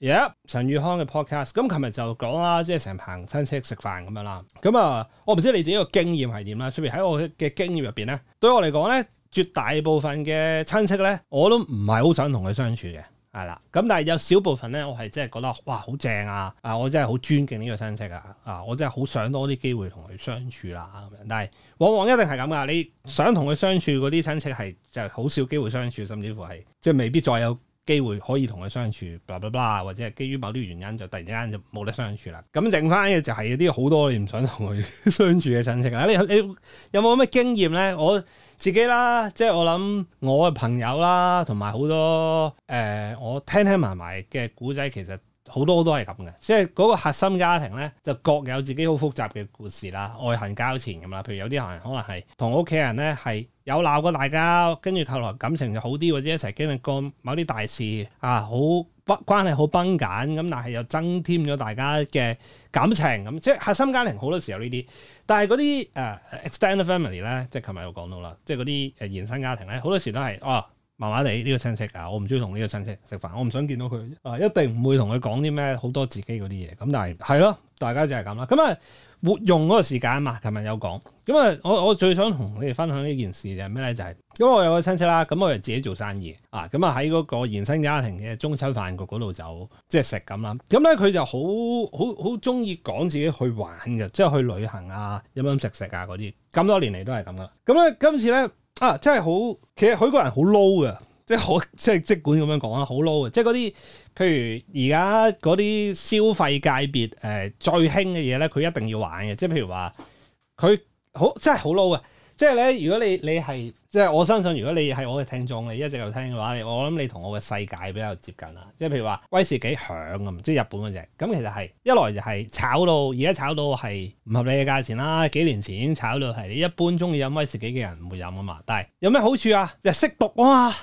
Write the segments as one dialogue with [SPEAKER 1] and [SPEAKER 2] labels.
[SPEAKER 1] 耶！Yeah, 陳宇康嘅 podcast，咁、嗯、琴日就講啦，即係成棚行親戚食飯咁樣啦。咁、嗯、啊，我唔知你自己個經驗係點啦。出邊喺我嘅經驗入邊咧，對我嚟講咧，絕大部分嘅親戚咧，我都唔係好想同佢相處嘅，係啦。咁但係有少部分咧，我係真係覺得哇，好正啊！啊，我真係好尊敬呢個親戚啊！啊，我真係好想多啲機會同佢相處啦咁樣。但係往往一定係咁噶，你想同佢相處嗰啲親戚係就係好少機會相處，甚至乎係即係未必再有。機會可以同佢相處，b l a 或者係基於某啲原因就突然之間就冇得相處啦。咁剩翻嘅就係啲好多你唔想同佢相處嘅親戚啦。你你有冇咩經驗咧？我自己啦，即、就、係、是、我諗我嘅朋友啦，同埋好多誒、呃，我聽聽埋埋嘅古仔其實。好多都係咁嘅，即係嗰個核心家庭咧，就各有自己好複雜嘅故事啦，愛恨交纏咁啦。譬如有啲行可能係同屋企人咧係有鬧過大家，跟住後來感情就好啲，或者一齊經歷過某啲大事啊，好崩關係好崩緊咁，但係又增添咗大家嘅感情咁。即係核心家庭好多時候有呢啲，但係嗰啲誒、呃、extended family 咧，即係琴日我講到啦，即係嗰啲誒延伸家庭咧，好多時都係哦。麻麻地呢個親戚啊，我唔中意同呢個親戚食飯，我唔想見到佢啊，一定唔會同佢講啲咩好多自己嗰啲嘢。咁但係係咯，大家就係咁啦。咁、嗯、啊，活用嗰個時間啊嘛。琴日有講，咁、嗯、啊，我我最想同你哋分享呢件事嘅係咩咧？就係因為我有個親戚啦，咁、嗯、我又自己做生意啊，咁啊喺嗰個延伸家庭嘅中秋飯局嗰度就即係食咁啦。咁咧佢就好好好中意講自己去玩嘅，即係去旅行啊、飲飲食食啊嗰啲。咁多年嚟都係咁噶。咁、嗯、咧、嗯、今次咧。嗯啊！真係好，其實佢個人好 low 嘅，即係好即係即管咁樣講啦，好 low 嘅，即係嗰啲譬如而家嗰啲消費界別誒、呃、最興嘅嘢咧，佢一定要玩嘅，即係譬如話佢好真係好 low 嘅。即係咧，如果你你係即係，我相信如果你係我嘅聽眾，你一直有聽嘅話，我諗你同我嘅世界比較接近啦。即係譬如話威士忌響咁，即係日本嗰隻。咁其實係一來就係炒到而家炒到係唔合理嘅價錢啦。幾年前已經炒到係你一般中意飲威士忌嘅人唔會飲啊嘛。但係有咩好處啊？就識讀啊嘛，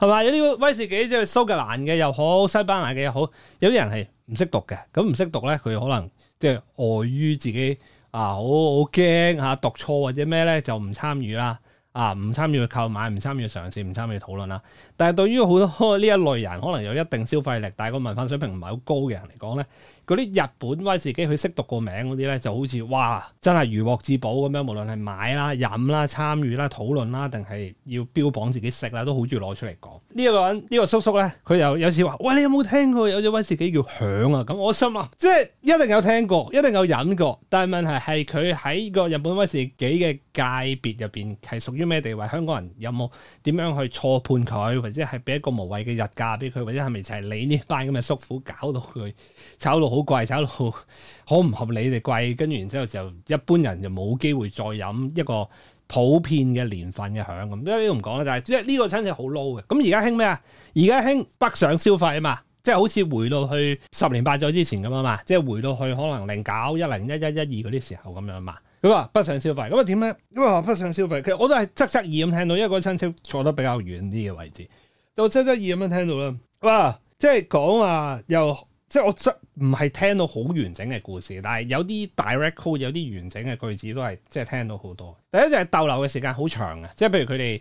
[SPEAKER 1] 係嘛？有啲威士忌即係蘇格蘭嘅又好，西班牙嘅又好，有啲人係唔識讀嘅。咁唔識讀咧，佢可能即係礙於自己。啊，好好驚嚇，讀錯或者咩咧，就唔參與啦。啊，唔參與去購買，唔參與去嘗試，唔參與討論啦。但係對於好多呢一類人，可能有一定消費力，但係個文化水平唔係好高嘅人嚟講咧。嗰啲日本威士忌，佢識讀個名嗰啲咧，就好似哇，真係如獲至寶咁樣。無論係買啦、飲啦、參與啦、討論啦，定係要標榜自己食啦，都好中意攞出嚟講。呢一個人，呢個叔叔咧，佢又有次話：喂，你有冇聽過有隻威士忌叫響啊？咁我心啊，即係一定有聽過，一定有飲過。但係問題係佢喺個日本威士忌嘅界別入邊係屬於咩地位？香港人有冇點樣去錯判佢，或者係俾一個無謂嘅日價俾佢，或者係咪就係你呢班咁嘅叔父搞到佢炒到好？好貴，炒到好唔合理哋貴，跟住然之後就一般人就冇機會再飲一個普遍嘅年份嘅響咁，因為呢啲唔講啦。但係即係呢個親戚好 low 嘅。咁而家興咩啊？而家興北上消費啊嘛，即係好似回到去十年八載之前咁啊嘛，即係回到去可能零九、一零、一一、一二嗰啲時候咁樣嘛。佢話北上消費，咁啊點咧？因為話北上消費，其實我都係側側耳咁聽到，因為個親戚坐得比較遠啲嘅位置，就側側耳咁樣聽到啦。哇，即係講話又～即係我真唔係聽到好完整嘅故事，但係有啲 direct quote 有啲完整嘅句子都係即係聽到好多。第一就係逗留嘅時間好長嘅，即係譬如佢哋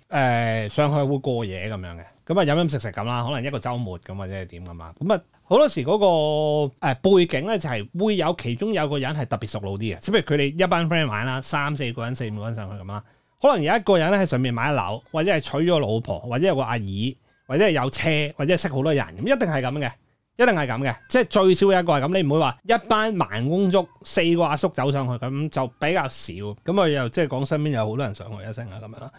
[SPEAKER 1] 誒上去會過夜咁樣嘅，咁啊飲飲食食咁啦，可能一個周末咁或者係點咁啊。咁啊好多時嗰、那個誒、呃、背景咧就係、是、會有其中有個人係特別熟路啲嘅，即譬如佢哋一班 friend 玩啦，三四個人四五個人上去咁啦，可能有一個人咧喺上面買樓，或者係娶咗老婆，或者有個阿姨，或者係有車，或者係識好多人，咁一定係咁嘅。一定係咁嘅，即係最少有一個係咁。你唔會話一班慢工足四個阿叔，叔走上去咁就比較少。咁佢又即係講身邊有好多人上去一聲啊咁樣。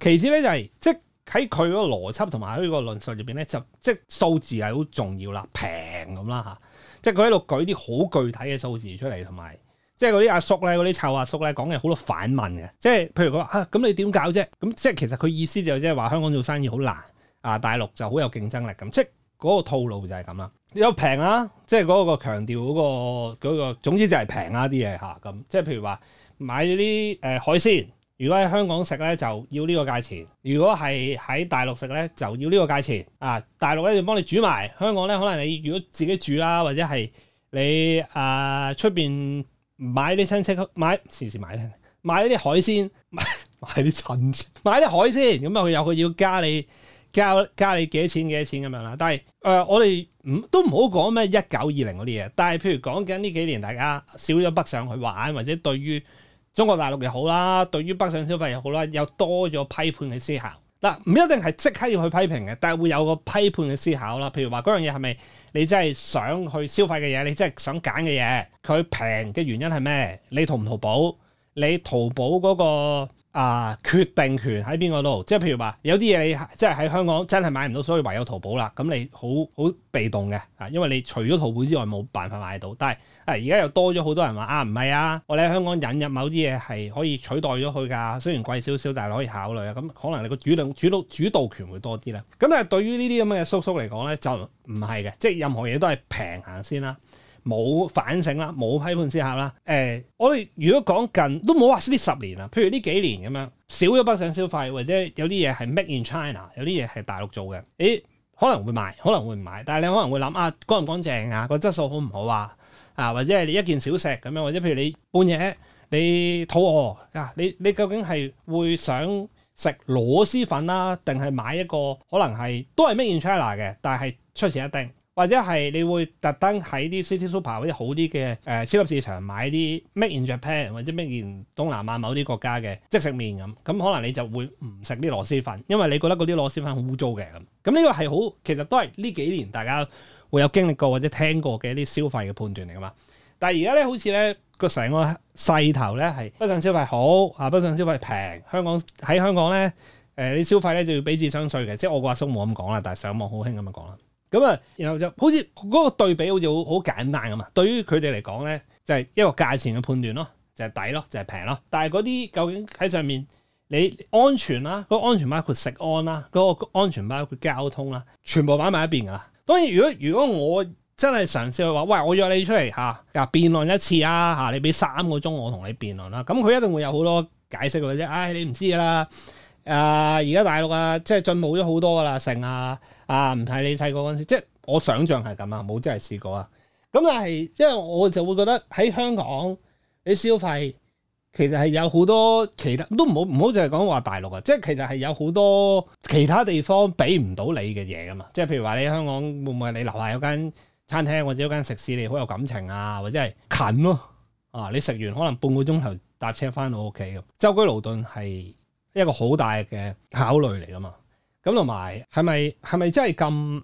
[SPEAKER 1] 其次咧就係、是、即係喺佢嗰個邏輯同埋喺佢個論述入邊咧就即係數字係好重要啦，平咁啦吓，即係佢喺度舉啲好具體嘅數字出嚟，同埋即係嗰啲阿叔咧、嗰啲臭阿叔咧講嘅好多反問嘅。即係譬如佢話啊，咁你點搞啫？咁即係其實佢意思就即係話香港做生意好難啊，大陸就好有競爭力咁。即係嗰個套路就係咁啦。有平啦，即係嗰個強調嗰、嗰個總之就係平啊啲嘢吓，咁。即係譬如話買咗啲誒、呃、海鮮，如果喺香港食咧就要呢個價錢；如果係喺大陸食咧就要呢個價錢啊。大陸咧就幫你煮埋，香港咧可能你如果自己煮啦、啊，或者係你啊出邊買啲親戚，買時時買咧，買啲海鮮，買啲親，買啲海鮮咁啊，佢有佢要加你。教教你幾多錢幾多錢咁樣啦，但係誒、呃、我哋唔都唔好講咩一九二零嗰啲嘢，但係譬如講緊呢幾年，大家少咗北上去玩，或者對於中國大陸又好啦，對於北上消費又好啦，有多咗批判嘅思考。嗱、呃，唔一定係即刻要去批評嘅，但係會有個批判嘅思考啦。譬如話嗰樣嘢係咪你真係想去消費嘅嘢，你真係想揀嘅嘢，佢平嘅原因係咩？你淘唔淘寶？你淘寶嗰、嗰個？啊！決定權喺邊個度？即係譬如話，有啲嘢你即係喺香港真係買唔到，所以唯有淘寶啦。咁你好好被動嘅啊，因為你除咗淘寶之外冇辦法買到。但係啊，而家又多咗好多人話啊，唔係啊，我哋喺香港引入某啲嘢係可以取代咗佢㗎，雖然貴少少，但係可以考慮啊。咁可能你個主動主導主導權會多啲咧。咁但係對於呢啲咁嘅叔叔嚟講咧，就唔係嘅，即係任何嘢都係平行先啦。冇反省啦，冇批判思考啦。誒、哎，我哋如果講近都冇話呢十年啊，譬如呢幾年咁樣少咗北上消費，或者有啲嘢係 make in China，有啲嘢係大陸做嘅，誒可能會買，可能會唔買。但係你可能會諗啊，乾唔乾淨啊，個質素好唔好啊？啊，或者係你一件小食咁樣，或者譬如你半夜你肚餓啊，你你究竟係會想食螺螄粉啦，啊，定係買一個可能係都係 make in China 嘅，但係出前一丁。或者係你會特登喺啲 City Super 或者好啲嘅誒超級市場買啲 made in Japan 或者 made in 東南亞某啲國家嘅即食麵咁，咁可能你就會唔食啲螺螄粉，因為你覺得嗰啲螺螄粉好污糟嘅咁。咁呢、這個係好，其實都係呢幾年大家會有經歷過或者聽過嘅一啲消費嘅判斷嚟噶嘛。但係而家咧好似咧個成個勢頭咧係北上消費好啊，北上消費平。香港喺香港咧誒啲消費咧就要俾智商稅嘅，即係我個阿叔冇咁講啦，但係上網好興咁樣講啦。咁啊，然後就好似嗰、嗰個對比，好似好好簡單咁嘛。對於佢哋嚟講咧，就係、係、一個價錢嘅判斷咯，就係抵咯，就係平咯。但係嗰啲究竟喺上面，你安全啦、啊，個安全包括食安啦、啊，嗰、嗰個安全包括交通啦、啊，全部擺埋一邊噶啦。當然，如果如果我真係嘗試去話，喂，我約你出嚟嚇，嗱辯論一次啊嚇、啊，你俾三個鐘我同你辯論啦。咁、嗯、佢一定會有好多解釋嘅啫。唉、哎，你唔知啦。啊、呃，而家大陸啊，即係進步咗好多噶啦，成啊。啊，唔睇你細個嗰陣時，即係我想象係咁啊，冇真係試過啊。咁但係，因為我就會覺得喺香港你消費其實係有好多其他，都唔好唔好，淨係講話大陸啊，即係其實係有好多其他地方俾唔到你嘅嘢噶嘛。即係譬如話你喺香港，會唔會你樓下有間餐廳或者有間食肆你好有感情啊，或者係近咯啊？你食完可能半個鐘頭搭車翻到屋企咁，舟車勞頓係一個好大嘅考慮嚟噶嘛。咁同埋係咪係咪真係咁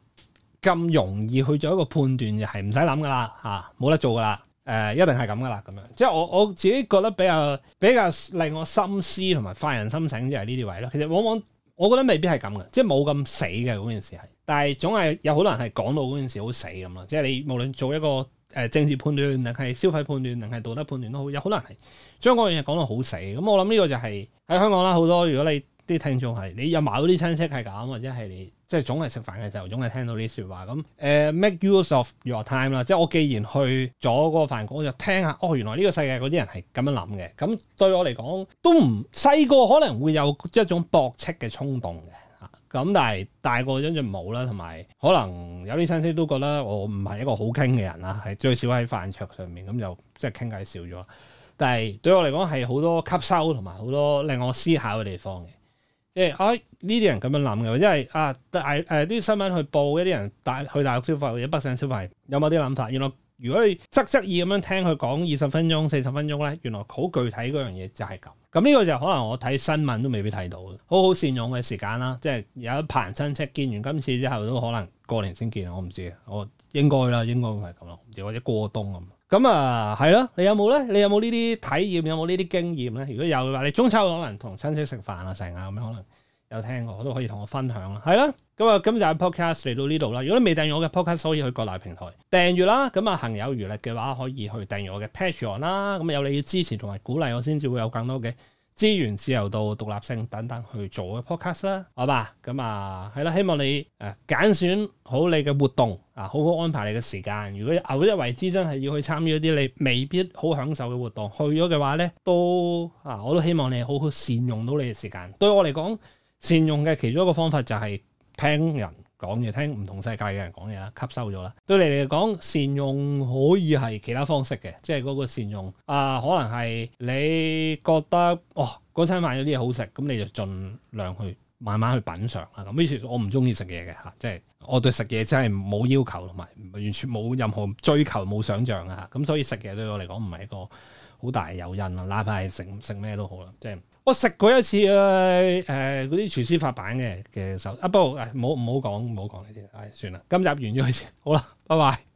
[SPEAKER 1] 咁容易去做一個判斷？就係唔使諗噶啦，吓冇得做噶啦，誒、呃，一定係咁噶啦，咁樣即係我我自己覺得比較比較令我深思同埋發人深省，即係呢啲位咯。其實往往我覺得未必係咁嘅，即係冇咁死嘅嗰件事係，但係總係有好多人係講到嗰件事好死咁咯。即係你無論做一個誒、呃、政治判斷，定係消費判斷，定係道德判斷都好，有可能人係將嗰件事講到好死。咁、嗯、我諗呢個就係、是、喺香港啦，好多如果你。啲聽眾係你有埋嗰啲親戚係咁，或者係你即係總係食飯嘅時候，總係聽到啲説話咁。誒、呃、Make use of your time 啦，即係我既然去咗嗰個飯局，我就聽下哦，原來呢個世界嗰啲人係咁樣諗嘅。咁對我嚟講都唔細個可能會有一種駁斥嘅衝動嘅嚇。咁、啊、但係大個一陣冇啦，同埋可能有啲親戚都覺得我唔係一個好傾嘅人啦，係最少喺飯桌上面咁就即係傾偈少咗。但係對我嚟講係好多吸收同埋好多令我思考嘅地方嘅。誒，呢啲、啊、人咁樣諗嘅，因為啊大誒啲、啊、新聞去報一啲人大去大陸消費或者北上消費，有冇啲諗法？原來如果你側側耳咁樣聽佢講二十分鐘、四十分鐘咧，原來好具體嗰樣嘢就係咁。咁呢個就可能我睇新聞都未必睇到好好善用嘅時間啦。即係有一棚親戚見完今次之後，都可能過年先見，我唔知，我應該啦，應該會係咁咯，或者過冬咁。咁啊，係咯、嗯，你有冇咧？你有冇呢啲體驗？有冇呢啲經驗咧？如果有嘅話，你中秋可能同親戚食飯啊，成日咁樣，可能有聽過，我都可以同我分享啊。係啦，咁、嗯、啊，今集嘅 podcast 嚟到呢度啦。如果你未訂閱我嘅 podcast，可以去各大平台訂閱啦。咁、嗯、啊，行有餘力嘅話，可以去訂閱我嘅 Patreon 啦、嗯。咁啊，有你嘅支持同埋鼓勵，我先至會有更多嘅。資源自由度、獨立性等等去做嘅 podcast 啦，好嘛？咁、嗯、啊，係、嗯、啦，希望你誒揀、啊、選好你嘅活動啊，好好安排你嘅時間。如果偶一為之真係要去參與一啲你未必好享受嘅活動，去咗嘅話咧，都啊，我都希望你好好善用到你嘅時間。對我嚟講，善用嘅其中一個方法就係聽人講嘢，聽唔同世界嘅人講嘢啦，吸收咗啦。對你嚟講，善用可以係其他方式嘅，即係嗰個善用啊、呃，可能係你覺得哇，嗰餐買咗啲嘢好食，咁你就儘量去慢慢去品嚐啊。咁於我唔中意食嘢嘅嚇，即係我對食嘢真係冇要求同埋完全冇任何追求冇想象啊。咁所以食嘢對我嚟講唔係一個好大誘因啊，哪怕係食食咩都好啦，即係。我食過一次誒，誒嗰啲廚師發版嘅嘅手，啊，不過唔好唔好講，唔好講呢啲，唉，算啦，今集完咗佢先，好啦，拜拜。